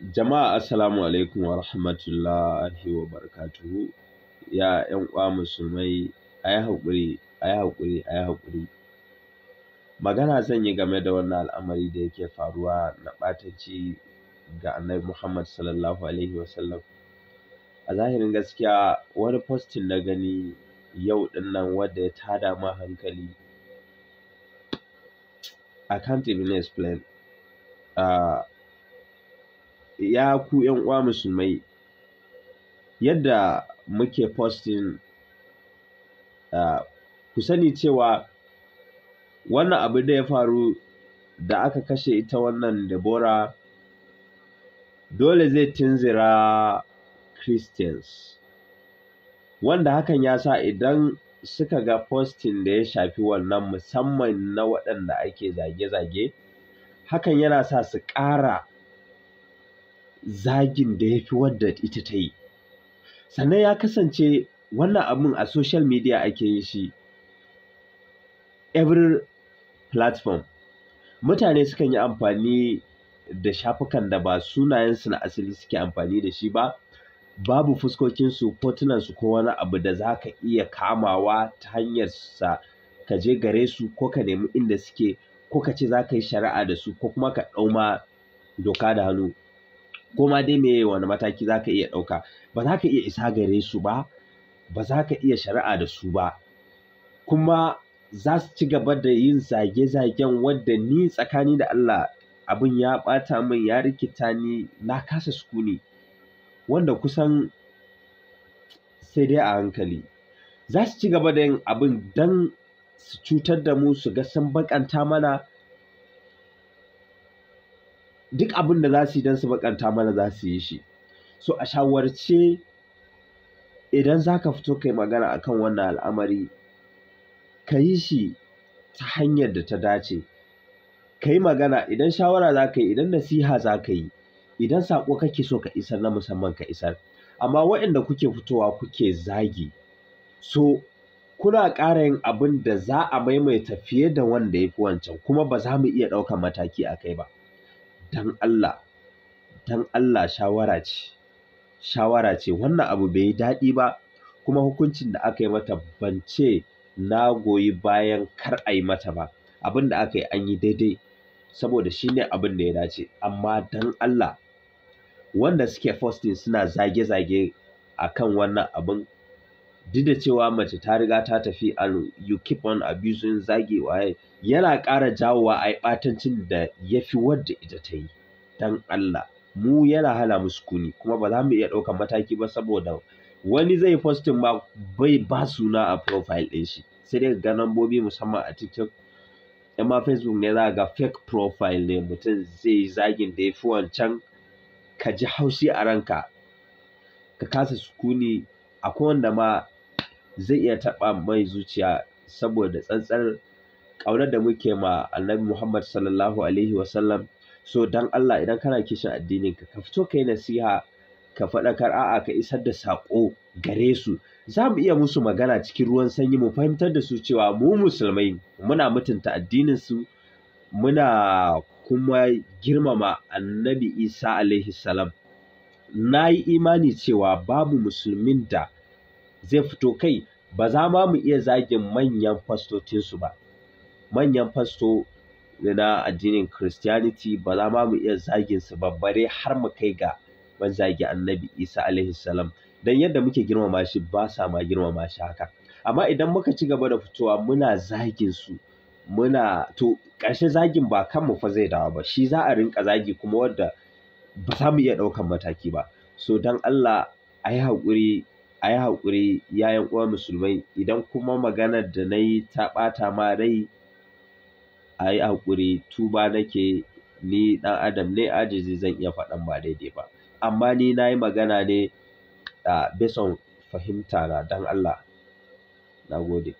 jama'a assalamu alaikum wa rahmatullahi wa barakatuhu ya yan uwa musulmai ayi hakuri ayi hakuri ayi hakuri magana zan yi game da wannan al'amari da yake faruwa na ɓatanci ga annabi Muhammad sallallahu alaihi wa sallam a zahirin gaskiya wani postin na gani yau ɗin nan wanda ya tada ma hankali I can't even explain uh, ya ku yan uwa musulmai yadda muke posting uh, ku sani cewa wannan abu da ya faru da aka kashe ita wannan Deborah dole zai tinzira Christians wanda hakan ya sa idan suka ga posting da ya shafi wannan musamman na waɗanda ake zage-zage hakan yana sa su ƙara zagin da ya fi wadda ita ta yi sannan ya kasance wannan abun a social media ake yin shi every platform mutane sukan yi amfani da shafukan da ba sunayensu na asali suke amfani da shi ba babu fuskokinsu su ko wani abu da za ka iya kamawa ta hanyar sa ka je gare su ko ka nemi inda suke ko ka ce za ka yi shari'a da su ko kuma ka ɗauma doka da hannu ko ma dai meye wani mataki za ka iya ɗauka ba za ka iya isa gare su ba ba za ka iya shari'a da su ba kuma za su ci gaba da yin zage-zagen wadda ni tsakani da Allah abin ya ɓata min ya rikita ni na kasa sukuni wanda kusan sai dai a hankali za su ci gaba da yin abin don su cutar da mu su ga sun bakanta mana duk abin da za su yi don su bakanta mana za su yi shi so a shawarce idan za ka fito kai magana a kan wannan al'amari ka yi shi ta hanyar da ta dace ka yi magana idan shawara za ka yi idan nasiha za ka yi idan saƙo kake so ka isar na musamman ka isar amma waɗanda kuke fitowa kuke zagi so kuna ƙara yin abin da za a maimaita fiye da wanda ya fi wancan kuma ba za mu iya ɗaukar mataki a kai ba dan Allah, dan Allah shawara ce, shawara ce wannan abu bai yi daɗi ba kuma hukuncin da aka yi mata ban ce na goyi bayan kar a yi mata ba. Abin da aka yi an yi daidai saboda shi ne abin da ya dace amma dan Allah wanda suke fostin suna zage-zage akan wannan abin duk da cewa mace ta riga ta tafi alo you keep on abusing zage waye yana ƙara jawowa a ɓatancin da ya fi wadda ita ta yi don Allah mu yana hala musu kuni kuma ba za mu iya ɗaukar mataki ba saboda wani zai postin ba bai ba suna a profile ɗin shi sai dai ga nambobi musamman a TikTok in ma Facebook ne za ga fake profile ne mutum zai yi zagin da ya fi wancan ka ji haushi a ranka ka kasa sukuni akwai wanda ma zai iya taɓa mai zuciya saboda tsantsar ƙaunar da muke ma Annabi Muhammad Sallallahu Alaihi Wasallam. So dan Allah idan kana kishin addininka ka fito ka yi nasiha ka faɗakar a'a ka isar da saƙo gare su za mu iya musu magana cikin ruwan sanyi mu fahimtar da su cewa mu musulmai muna mutunta addinin su muna kuma girmama annabi isa alaihi salam na yi imani cewa babu musulmin da zai fito kai ba za ma mu iya zagin manyan fastocinsu ba. Manyan fasto na addinin Christianity ba za ma mu iya zagin su babbare har mu kai ga ban zagi Annabi Isa alaihi salam dan yadda muke girmama shi ba sa ma girmama shi haka. Amma idan muka ci gaba da fitowa muna zagin su muna to ƙarshe zagin ba kanmu fa zai dawo ba shi za a rinka zagi kuma wanda ba za mu iya ɗaukan mataki ba so don Allah a yi haƙuri a yi haƙuri yayan uwa musulmai idan kuma maganar da na yi ta ɓata ma rai a yi haƙuri tuba nake ni ɗan adam ne ajizi zan iya faɗan ba daidai ba amma ni na yi magana ne a uh, fahimta na don Allah na gode